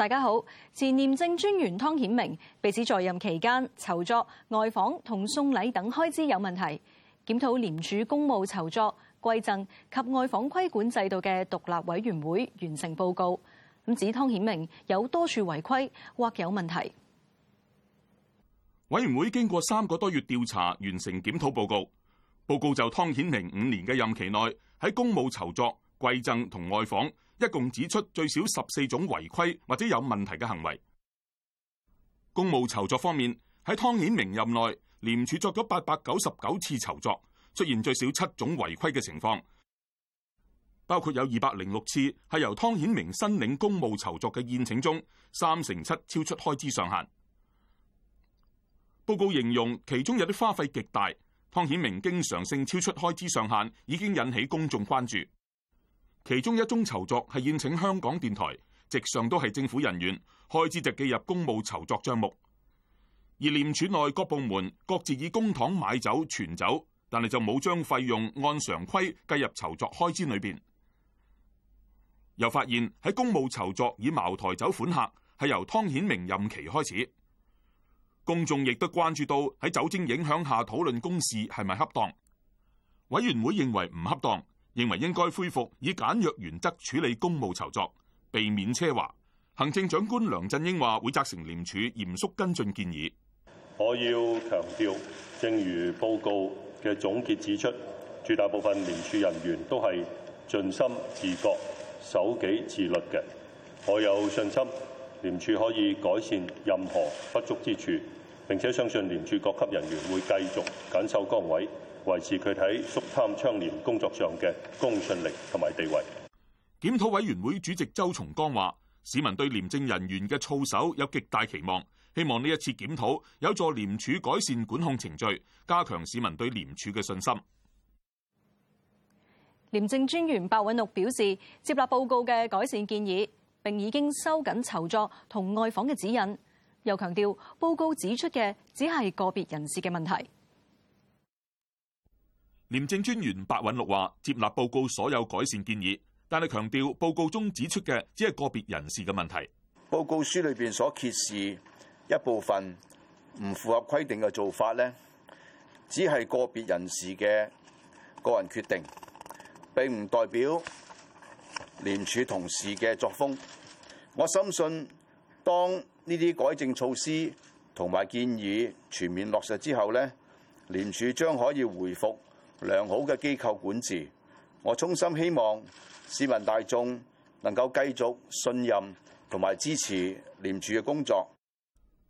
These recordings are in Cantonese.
大家好，前廉政專員湯顯明被指在任期間酬酢、外訪同送禮等開支有問題，檢討廉署公務酬酢、饋贈及外訪規管制度嘅獨立委員會完成報告。咁指湯顯明有多處違規或有問題。委員會經過三個多月調查，完成檢討報告。報告就湯顯明五年嘅任期內喺公務酬酢、饋贈同外訪。一共指出最少十四種違規或者有問題嘅行為。公務酬酢方面，喺湯顯明任內，廉署作咗八百九十九次酬酢，出現最少七種違規嘅情況，包括有二百零六次係由湯顯明申領公務酬酢嘅宴請中，三成七超出開支上限。報告形容其中有啲花費極大，湯顯明經常性超出開支上限，已經引起公眾關注。其中一宗酬酢係宴請香港電台，席上都係政府人員，開支就記入公務酬酢賬目。而廉署內各部門各自以公帑買酒、存酒，但係就冇將費用按常規計入酬酢開支裏邊。又發現喺公務酬酢以茅台酒款客係由湯顯明任期開始，公眾亦都關注到喺酒精影響下討論公事係咪恰當？委員會認為唔恰當。認為應該恢復以簡約原則處理公務酬酢，避免奢華。行政長官梁振英話會責成廉署嚴肅跟進建議。我要強調，正如報告嘅總結指出，絕大部分廉署人員都係盡心自覺、守己自律嘅。我有信心，廉署可以改善任何不足之處，並且相信廉署各級人員會繼續緊守崗位。維持佢喺肅貪倡廉工作上嘅公信力同埋地位。檢討委員會主席周松崗話，市民對廉政人員嘅操守有極大期望，希望呢一次檢討有助廉署改善管控程序，加強市民對廉署嘅信心。廉政專員白韞六表示，接納報告嘅改善建議，並已經收緊酬酢同外訪嘅指引，又強調報告指出嘅只係個別人士嘅問題。廉政專員白韞六話，接納報告所有改善建議，但係強調報告中指出嘅只係個別人士嘅問題。報告書裏邊所揭示一部分唔符合規定嘅做法咧，只係個別人士嘅個人決定，並唔代表廉署同事嘅作風。我相信，當呢啲改正措施同埋建議全面落實之後咧，廉署將可以回復。良好嘅機構管治，我衷心希望市民大眾能夠繼續信任同埋支持廉署嘅工作。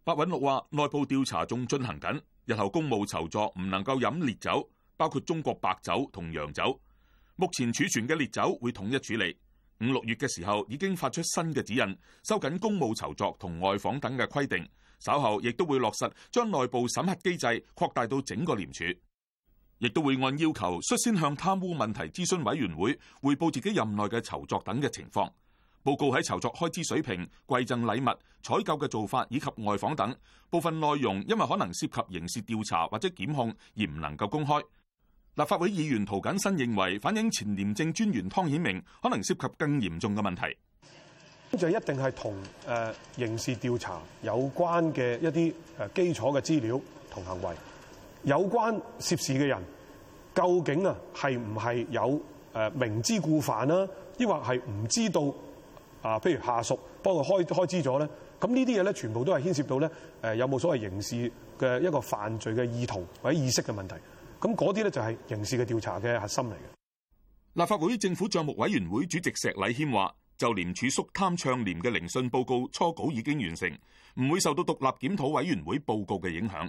白韞六話：內部調查仲進行緊，日後公務酬酢唔能夠飲烈酒，包括中國白酒同洋酒。目前儲存嘅烈酒會統一處理。五六月嘅時候已經發出新嘅指引，收緊公務酬酢同外訪等嘅規定。稍後亦都會落實將內部審核機制擴大到整個廉署。亦都會按要求率先向貪污問題諮詢委員會匯報自己任內嘅酬酢等嘅情況。報告喺酬酢開支水平、貴贈禮物、採購嘅做法以及外訪等部分內容，因為可能涉及刑事調查或者檢控而唔能夠公開。立法會議員涂謹申認為，反映前廉政專員湯顯明可能涉及更嚴重嘅問題。就一定係同誒刑事調查有關嘅一啲誒基礎嘅資料同行為。有關涉事嘅人究竟啊，係唔係有誒明知故犯啦，抑或係唔知道啊？譬如下屬幫佢開開支咗咧，咁呢啲嘢咧，全部都係牽涉到咧誒、呃、有冇所謂刑事嘅一個犯罪嘅意圖或者意識嘅問題。咁嗰啲咧就係、是、刑事嘅調查嘅核心嚟嘅。立法會政府帳目委員會主席石禮謙話，就廉署肅貪倡廉嘅聆訊報告初稿已經完成，唔會受到獨立檢討委員會報告嘅影響。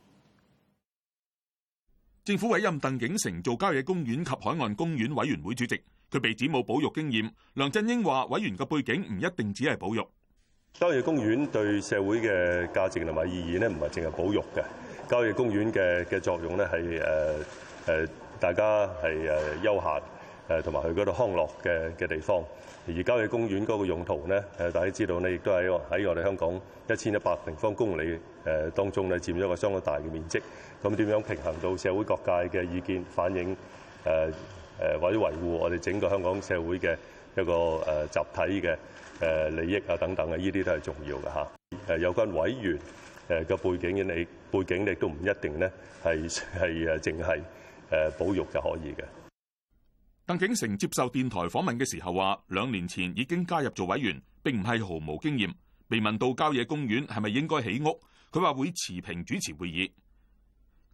政府委任鄧景成做郊野公園及海岸公園委員會主席，佢被指冇保育經驗。梁振英話：委員嘅背景唔一定只係保育。郊野公園對社會嘅價值同埋意義咧，唔係淨係保育嘅。郊野公園嘅嘅作用咧，係誒誒，大家係誒休閒誒，同埋，呃，去嗰度康樂嘅嘅地方。而郊野公園嗰個用途咧，誒大家知道咧，亦都喺喺我哋香港一千一百平方公里誒當中咧，佔咗個相當大嘅面積。咁點樣平衡到社會各界嘅意見反映？誒誒或者維護我哋整個香港社會嘅一個誒集體嘅誒利益啊等等啊，呢啲都係重要嘅吓。誒有關委員誒嘅背景，你背景你都唔一定咧，係係誒淨係誒保育就可以嘅。鄧景成接受電台訪問嘅時候話，兩年前已經加入做委員，並唔係毫無經驗。被問到郊野公園係咪應該起屋，佢話會持平主持會議。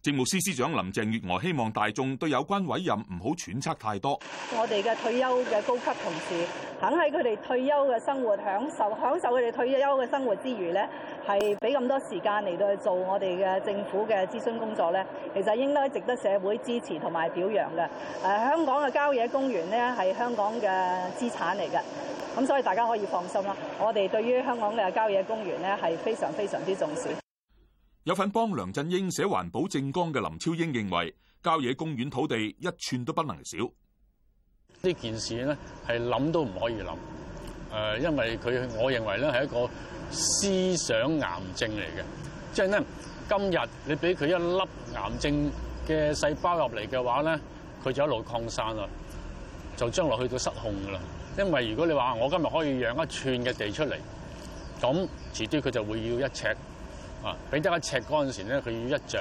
政務司司長林鄭月娥希望大眾對有關委任唔好揣測太多。我哋嘅退休嘅高級同事，肯喺佢哋退休嘅生活享受，享受佢哋退休嘅生活之餘呢，係俾咁多時間嚟，到去做我哋嘅政府嘅諮詢工作呢，其實應該值得社會支持同埋表揚嘅。誒、啊，香港嘅郊野公園呢係香港嘅資產嚟嘅，咁所以大家可以放心啦。我哋對於香港嘅郊野公園呢係非常非常之重視。有份幫梁振英寫環保政綱嘅林超英認為郊野公園土地一寸都不能少。呢件事呢係諗都唔可以諗，誒、呃，因為佢我認為咧係一個思想癌症嚟嘅，即係呢，今日你俾佢一粒癌症嘅細胞入嚟嘅話咧，佢就一路擴散啦，就將來去到失控噶啦。因為如果你話我今日可以養一寸嘅地出嚟，咁遲啲佢就會要一尺。啊！俾得一尺嗰陣時佢要一丈。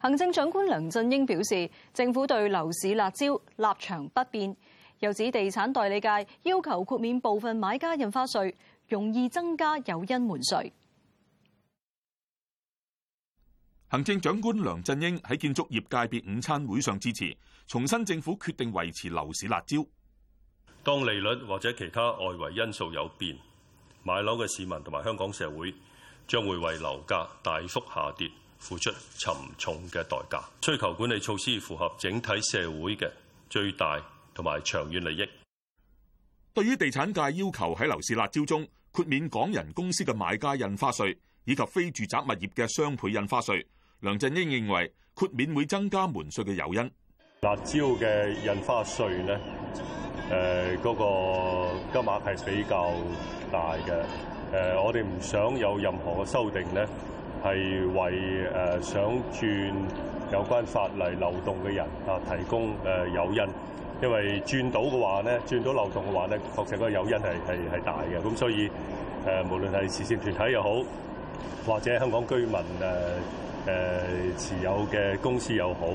行政長官梁振英表示，政府對樓市辣招立場不變，又指地產代理界要求豁免部分買家印花稅，容易增加有因門稅。行政長官梁振英喺建築業界別午餐會上支持，重申政府決定維持樓市辣招。當利率或者其他外圍因素有變。買樓嘅市民同埋香港社會將會為樓價大幅下跌付出沉重嘅代價。需求管理措施符合整體社會嘅最大同埋長遠利益。對於地產界要求喺樓市辣招中豁免港人公司嘅買家印花稅以及非住宅物業嘅雙倍印花稅，梁振英認為豁免會增加門稅嘅誘因。辣招嘅印花稅呢？誒嗰、呃那個金額係比較大嘅，誒、呃、我哋唔想有任何嘅修訂咧，係為誒、呃、想轉有關法例漏洞嘅人啊、呃、提供誒誘、呃、因，因為轉到嘅話咧，轉到漏洞嘅話咧，確實嗰個誘因係係係大嘅，咁所以誒、呃、無論係慈善團體又好，或者香港居民誒誒、呃呃、持有嘅公司又好。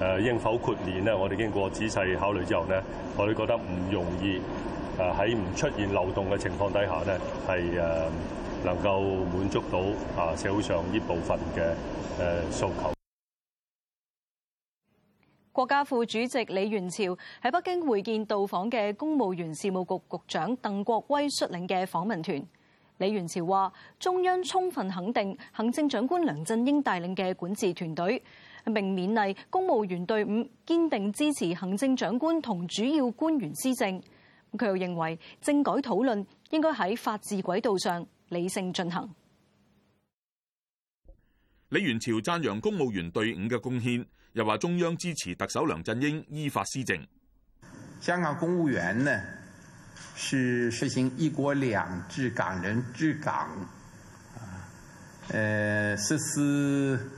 誒應否豁免呢？我哋經過仔細考慮之後呢，我哋覺得唔容易喺唔出現流洞嘅情況底下呢，係能夠滿足到啊社會上呢部分嘅誒訴求。國家副主席李源潮喺北京會見到訪嘅公務員事務局局，局長鄧國威率領嘅訪問團。李源潮話：中央充分肯定行政長官梁振英帶領嘅管治團隊。明勉勵公務員隊伍堅定支持行政長官同主要官員施政。佢又認為政改討論應該喺法治軌道上理性進行。李源潮讚揚公務員隊伍嘅貢獻，又話中央支持特首梁振英依法施政。香港公務員呢，是實行一國兩制，港人治港，啊、呃，誒實施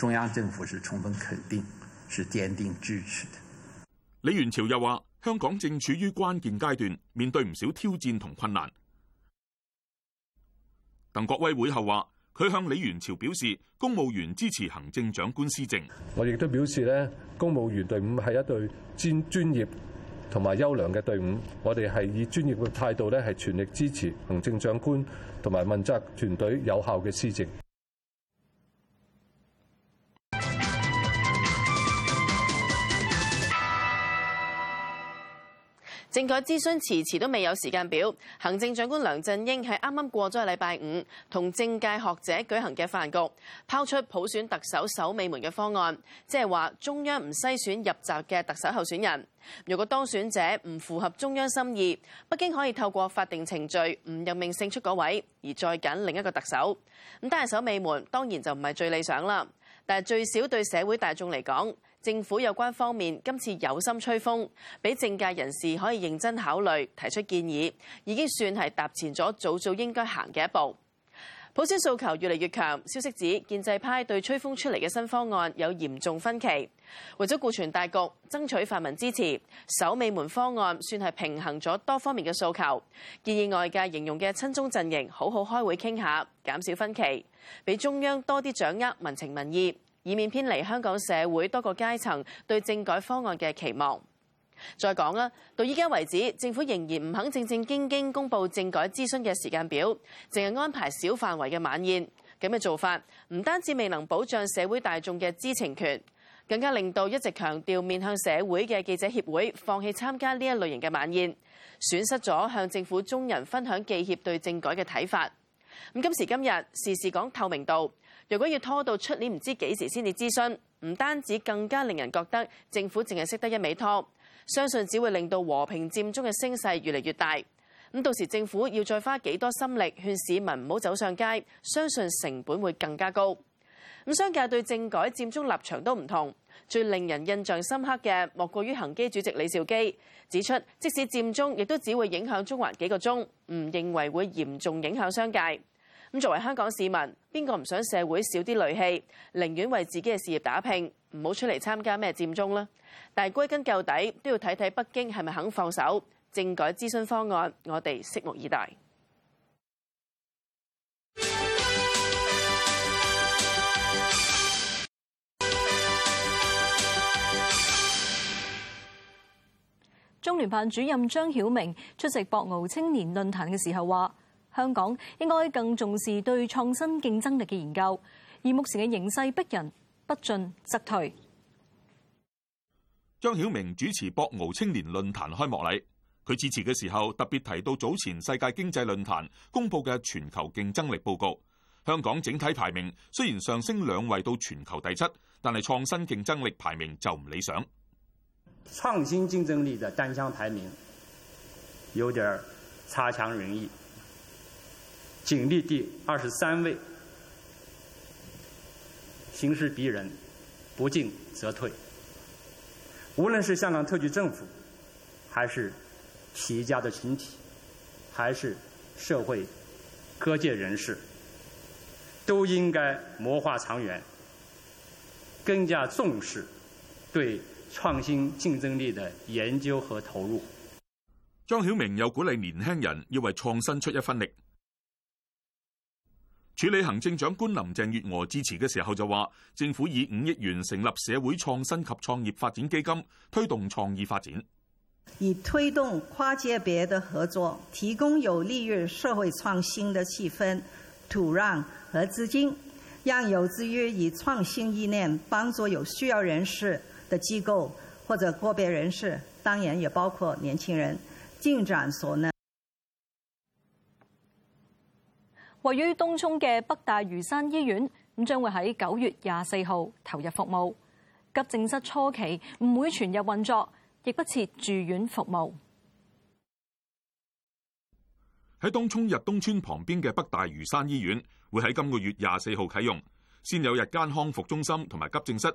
中央政府是充分肯定，是堅定支持的。李元朝又話香港正處於關鍵階段，面對唔少挑戰同困難。鄧國威會後話，佢向李元朝表示，公務員支持行政長官施政。我亦都表示咧，公務員隊伍係一對專專業同埋優良嘅隊伍。我哋係以專業嘅態度咧，係全力支持行政長官同埋問責團隊有效嘅施政。政改諮詢遲遲都未有時間表，行政長官梁振英係啱啱過咗禮拜五，同政界學者舉行嘅飯局，拋出普選特首守尾門嘅方案，即係話中央唔篩選入閘嘅特首候選人，如果當選者唔符合中央心意，北京可以透過法定程序唔任命勝出嗰位，而再揀另一個特首。咁但係守尾門當然就唔係最理想啦，但係最少對社會大眾嚟講。政府有關方面今次有心吹風，俾政界人士可以認真考慮提出建議，已經算係踏前咗早早應該行嘅一步。普選訴求越嚟越強，消息指建制派對吹風出嚟嘅新方案有嚴重分歧。為咗顧全大局，爭取泛民支持，守尾門方案算係平衡咗多方面嘅訴求。建議外界形容嘅親中陣營好好開會傾下，減少分歧，俾中央多啲掌握民情民意。以免偏離香港社會多個階層對政改方案嘅期望。再講啦，到依家為止，政府仍然唔肯正正經經公布政改諮詢嘅時間表，淨係安排小範圍嘅晚宴。咁嘅做法唔單止未能保障社會大眾嘅知情權，更加令到一直強調面向社會嘅記者協會放棄參加呢一類型嘅晚宴，損失咗向政府中人分享記協對政改嘅睇法。咁今時今日，事事講透明度。如果要拖到出年唔知幾時先至諮詢，唔單止更加令人覺得政府淨係識得一味拖，相信只會令到和平佔中嘅聲勢越嚟越大。咁到時政府要再花幾多心力勸市民唔好走上街，相信成本會更加高。咁商界對政改佔中立場都唔同，最令人印象深刻嘅莫過於恒基主席李兆基指出，即使佔中，亦都只會影響中環幾個鐘，唔認為會嚴重影響商界。咁作為香港市民，邊個唔想社會少啲戾氣，寧願為自己嘅事業打拼，唔好出嚟參加咩佔中啦。但係歸根究底，都要睇睇北京係咪肯放手政改諮詢方案，我哋拭目以待。中聯辦主任張曉明出席博鰲青年論壇嘅時候話。香港應該更重視對創新競爭力嘅研究，而目前嘅形勢逼人，不進則退。張曉明主持博鰲青年論壇開幕禮，佢致辭嘅時候特別提到早前世界經濟論壇公佈嘅全球競爭力報告，香港整體排名雖然上升兩位到全球第七，但係創新競爭力排名就唔理想。創新競爭力嘅單項排名有點差強人意。警力第二十三位，形勢逼人，不進則退。無論是香港特區政府，還是企業家的群體，還是社會各界人士，都應該謀劃長遠，更加重視對創新競爭力的研究和投入。張曉明又鼓勵年輕人要為創新出一分力。處理行政長官林鄭月娥支持嘅時候就話，政府以五億元成立社會創新及創業發展基金，推動創意發展，以推動跨界別的合作，提供有利於社會創新的氣氛、土壤和資金，讓有志於以創新意念幫助有需要人士的機構或者個別人士，當然也包括年輕人，盡展所能。位於東涌嘅北大嶼山醫院，咁將會喺九月廿四號投入服務，急症室初期唔會全日運作，亦不設住院服務。喺東涌日東村旁邊嘅北大嶼山醫院會喺今個月廿四號啟用，先有日間康復中心同埋急症室，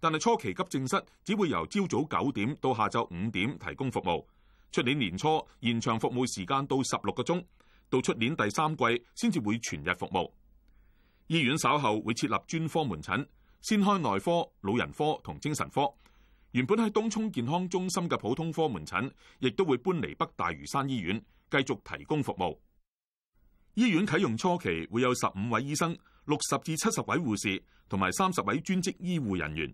但係初期急症室只會由朝早九點到下晝五點提供服務，出年年初延長服務時間到十六個鐘。到出年第三季先至會全日服務。醫院稍後會設立專科門診，先開內科、老人科同精神科。原本喺東涌健康中心嘅普通科門診，亦都會搬嚟北大嶼山醫院繼續提供服務。醫院啟用初期會有十五位醫生、六十至七十位護士同埋三十位專職醫護人員，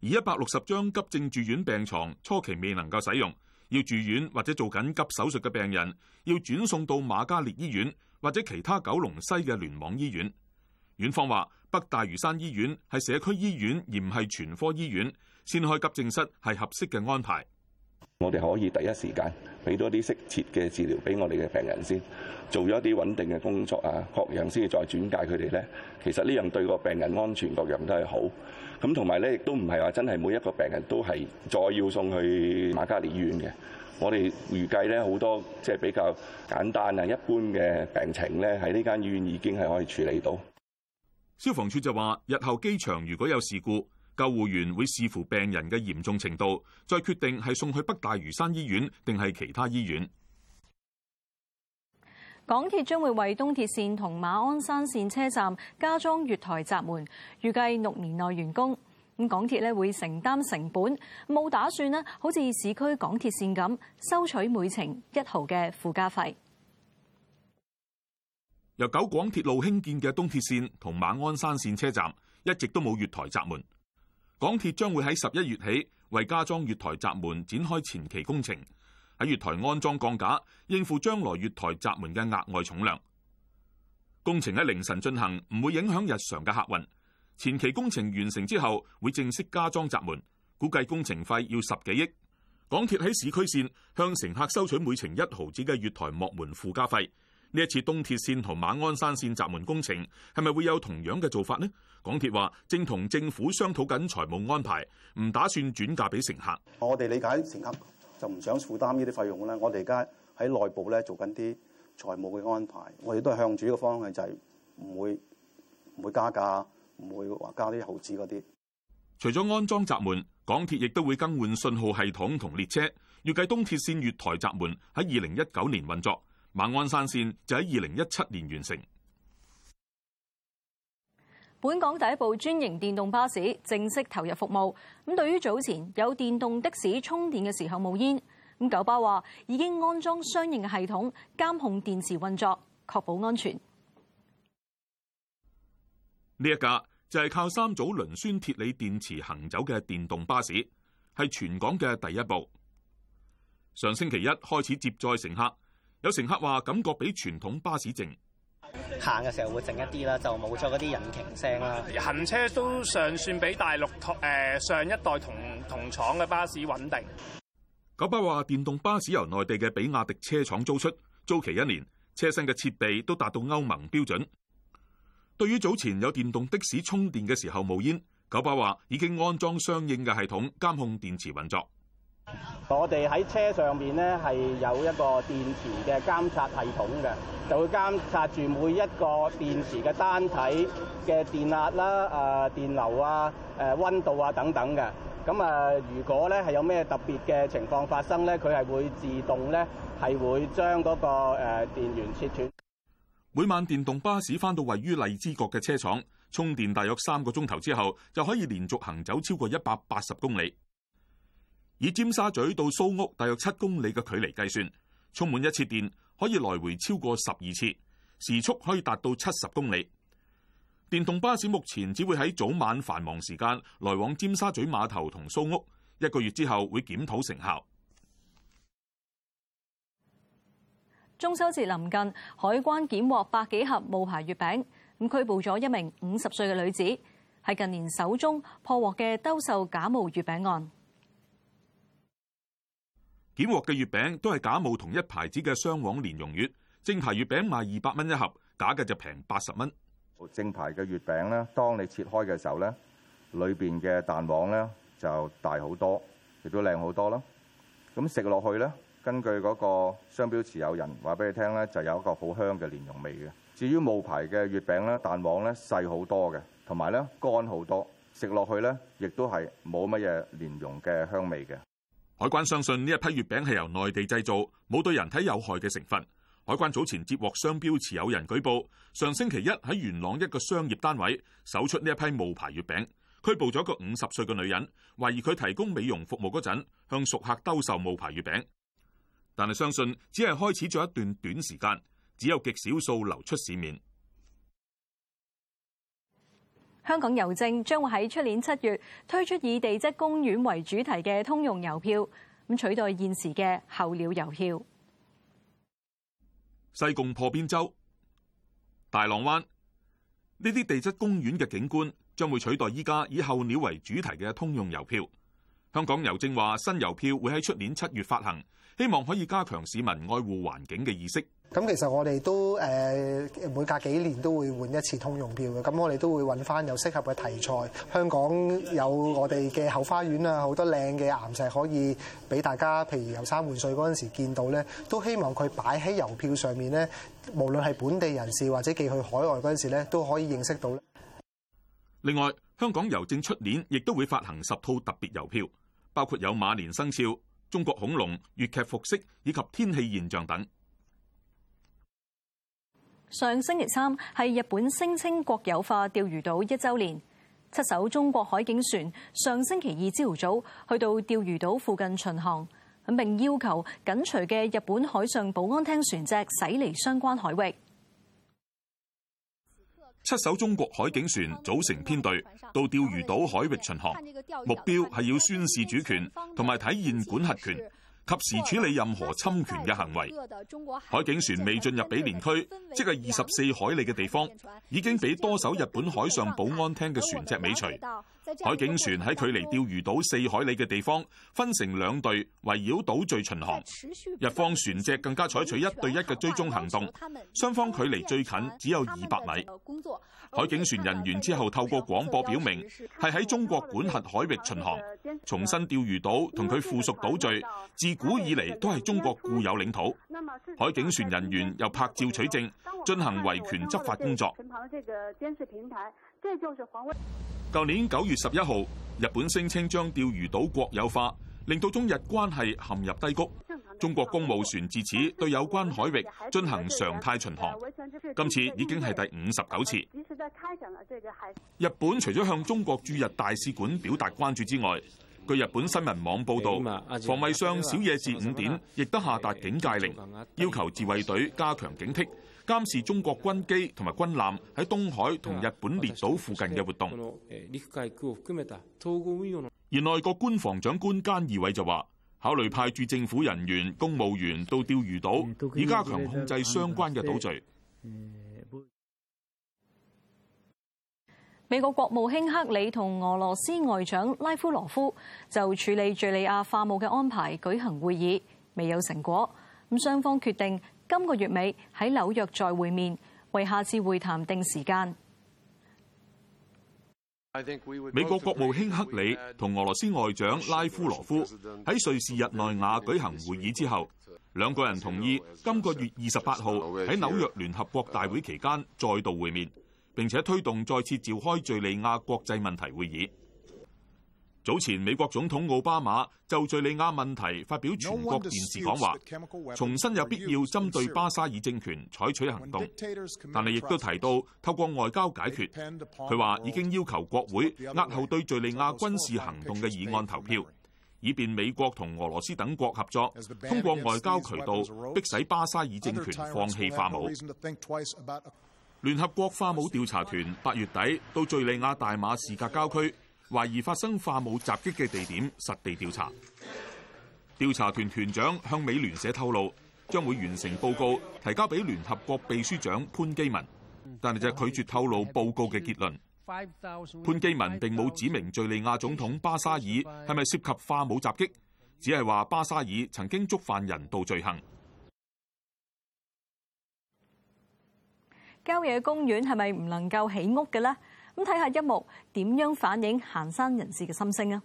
而一百六十張急症住院病床初期未能夠使用。要住院或者做緊急手術嘅病人，要轉送到瑪嘉烈醫院或者其他九龍西嘅聯網醫院。院方話北大嶼山醫院係社區醫院而唔係全科醫院，先開急症室係合適嘅安排。我哋可以第一時間俾多啲適切嘅治療俾我哋嘅病人先，做咗一啲穩定嘅工作啊，確認先再轉介佢哋咧。其實呢樣對個病人安全各樣都係好。咁同埋咧，亦都唔係話真係每一個病人都係再要送去瑪嘉烈醫院嘅。我哋預計咧，好多即係比較簡單啊、一般嘅病情，咧，喺呢間醫院已經係可以處理到。消防處就話，日後機場如果有事故，救護員會視乎病人嘅嚴重程度，再決定係送去北大嶼山醫院定係其他醫院。港鐵將會為東鐵線同馬鞍山線車站加裝月台閘門，預計六年內完工。咁港鐵呢會承擔成本，冇打算呢好似市區港鐵線咁收取每程一毫嘅附加費。由九廣鐵路興建嘅東鐵線同馬鞍山線車站一直都冇月台閘門，港鐵將會喺十一月起為加裝月台閘門展開前期工程。喺月台安裝鋼架，應付將來月台閘門嘅額外重量。工程喺凌晨進行，唔會影響日常嘅客運。前期工程完成之後，會正式加裝閘門。估計工程費要十幾億。港鐵喺市區線向乘客收取每程一毫子嘅月台幕門附加費。呢一次東鐵線同馬鞍山線閘門工程係咪會有同樣嘅做法呢？港鐵話正同政府商討緊財務安排，唔打算轉嫁俾乘客。我哋理解乘客。就唔想負擔呢啲費用咧，我哋而家喺內部咧做緊啲財務嘅安排，我哋都係向住呢個方向，就係唔會，唔會加價，唔會話加啲毫子嗰啲。除咗安裝閘門，港鐵亦都會更換信號系統同列車。預計東鐵線月台閘門喺二零一九年運作，馬鞍山線就喺二零一七年完成。本港第一部專營電動巴士正式投入服務。咁對於早前有電動的士充電嘅時候冒煙，咁九巴話已經安裝相應嘅系統監控電池運作，確保安全。呢一架就係靠三組磷酸鐵鋰電池行走嘅電動巴士，係全港嘅第一部。上星期一開始接載乘客，有乘客話感覺比傳統巴士靜。行嘅時候會靜一啲啦，就冇咗嗰啲引擎聲啦。行車都尚算比大陸誒、呃、上一代同同廠嘅巴士穩定。九巴話，電動巴士由內地嘅比亞迪車廠租出，租期一年，車身嘅設備都達到歐盟標準。對於早前有電動的士充電嘅時候冒煙，九巴話已經安裝相應嘅系統監控電池運作。我哋喺車上面呢，係有一個電池嘅監測系統嘅，就會監察住每一個電池嘅單體嘅電壓啦、啊電流啊、誒溫度啊等等嘅。咁啊，如果咧係有咩特別嘅情況發生呢，佢係會自動咧係會將嗰個誒電源切斷。每晚電動巴士翻到位於荔枝角嘅車廠充電，大約三個鐘頭之後，就可以連續行走超過一百八十公里。以尖沙咀到蘇屋大約七公里嘅距離計算，充滿一次電可以來回超過十二次，時速可以達到七十公里。電動巴士目前只會喺早晚繁忙時間來往尖沙咀碼頭同蘇屋，一個月之後會檢討成效。中秋節臨近，海關檢獲百幾盒冒牌月餅，咁拘捕咗一名五十歲嘅女子，係近年首宗破獲嘅兜售假冒月餅案。檢獲嘅月餅都係假冒同一牌子嘅雙黃蓮蓉月，正牌月餅賣二百蚊一盒，假嘅就平八十蚊。正牌嘅月餅咧，當你切開嘅時候咧，裏邊嘅蛋黃咧就大好多，亦都靚好多啦。咁食落去咧，根據嗰個商標持有人話俾你聽咧，就有一個好香嘅蓮蓉味嘅。至於冒牌嘅月餅咧，蛋黃咧細好多嘅，同埋咧乾好多，食落去咧亦都係冇乜嘢蓮蓉嘅香味嘅。海關相信呢一批月餅係由內地製造，冇對人體有害嘅成分。海關早前接獲商標持有人舉報，上星期一喺元朗一個商業單位搜出呢一批冒牌月餅，拘捕咗一個五十歲嘅女人，懷疑佢提供美容服務嗰陣向熟客兜售冒牌月餅。但係相信只係開始咗一段短時間，只有極少數流出市面。香港郵政將會喺出年七月推出以地質公園為主題嘅通用郵票，咁取代現時嘅候鳥郵票。西貢破邊洲、大浪灣呢啲地質公園嘅景觀將會取代依家以候鳥為主題嘅通用郵票。香港郵政話，新郵票會喺出年七月發行。希望可以加強市民愛護環境嘅意識。咁其實我哋都誒，每隔幾年都會換一次通用票嘅。咁我哋都會揾翻有適合嘅題材。香港有我哋嘅後花園啊，好多靚嘅岩石可以俾大家，譬如遊山玩水嗰陣時見到咧，都希望佢擺喺郵票上面咧。無論係本地人士或者寄去海外嗰陣時咧，都可以認識到咧。另外，香港郵政出年亦都會發行十套特別郵票，包括有馬年生肖。中國恐龍、粵劇服飾以及天氣現象等。上星期三係日本聲稱國有化釣魚島一週年，七艘中國海警船上星期二朝早去到釣魚島附近巡航，並要求緊隨嘅日本海上保安廳船隻駛離相關海域。七艘中國海警船組成編隊到釣魚島海域巡航，目標係要宣示主權同埋體現管轄權，及時處理任何侵權嘅行為。海警船未進入毗連區，即係二十四海里嘅地方，已經俾多艘日本海上保安廳嘅船隻尾隨。海警船喺距離釣魚島四海里嘅地方分成兩隊圍繞島嶼巡航，日方船隻更加採取一對一嘅追蹤行動，雙方距離最近只有二百米。海警船人員之後透過廣播表明係喺中國管轄海域巡航，重申釣魚島同佢附屬島嶼自古以嚟都係中國固有領土。海警船人員又拍照取證，進行維權執法工作。這就是舊年九月十一號，日本聲稱將釣魚島國有化，令到中日關係陷入低谷。中國公務船自此對有關海域進行常態巡航，今次已經係第五十九次。日本除咗向中國駐日大使館表達關注之外，據日本新聞網報道，防衛相小野寺五典亦都下達警戒令，要求自衛隊加強警惕。監視中國軍機同埋軍艦喺東海同日本列島附近嘅活動。而內閣官房長官菅義偉就話，考慮派駐政府人員、公務員到釣魚島，以加強控制相關嘅島嶼。美國國務卿克里同俄羅斯外長拉夫羅夫就處理敍利亞化武嘅安排舉行會議，未有成果。咁雙方決定，今個月尾喺紐約再會面，為下次會談定時間。美國國務卿克里同俄羅斯外長拉夫羅夫喺瑞士日內瓦舉行會議之後，兩個人同意今個月二十八號喺紐約聯合國大會期間再度會面，並且推動再次召開敘利亞國際問題會議。早前美國總統奧巴馬就敍利亞問題發表全國電視講話，重申有必要針對巴沙爾政權採取行動，但係亦都提到透過外交解決。佢話已經要求國會押後對敍利亞軍事行動嘅議案投票，以便美國同俄羅斯等國合作，通過外交渠道迫使巴沙爾政權放棄化武。聯合國化武調查團八月底到敍利亞大馬士革郊區。懷疑發生化武襲擊嘅地點實地調查，調查團團長向美聯社透露，將會完成報告，提交俾聯合國秘書長潘基文，但係就拒絕透露報告嘅結論。潘基文並冇指明敘利亞總統巴沙爾係咪涉及化武襲擊，只係話巴沙爾曾經觸犯人道罪行。郊野公園係咪唔能夠起屋嘅呢？咁睇下一幕點樣反映行山人士嘅心聲啊！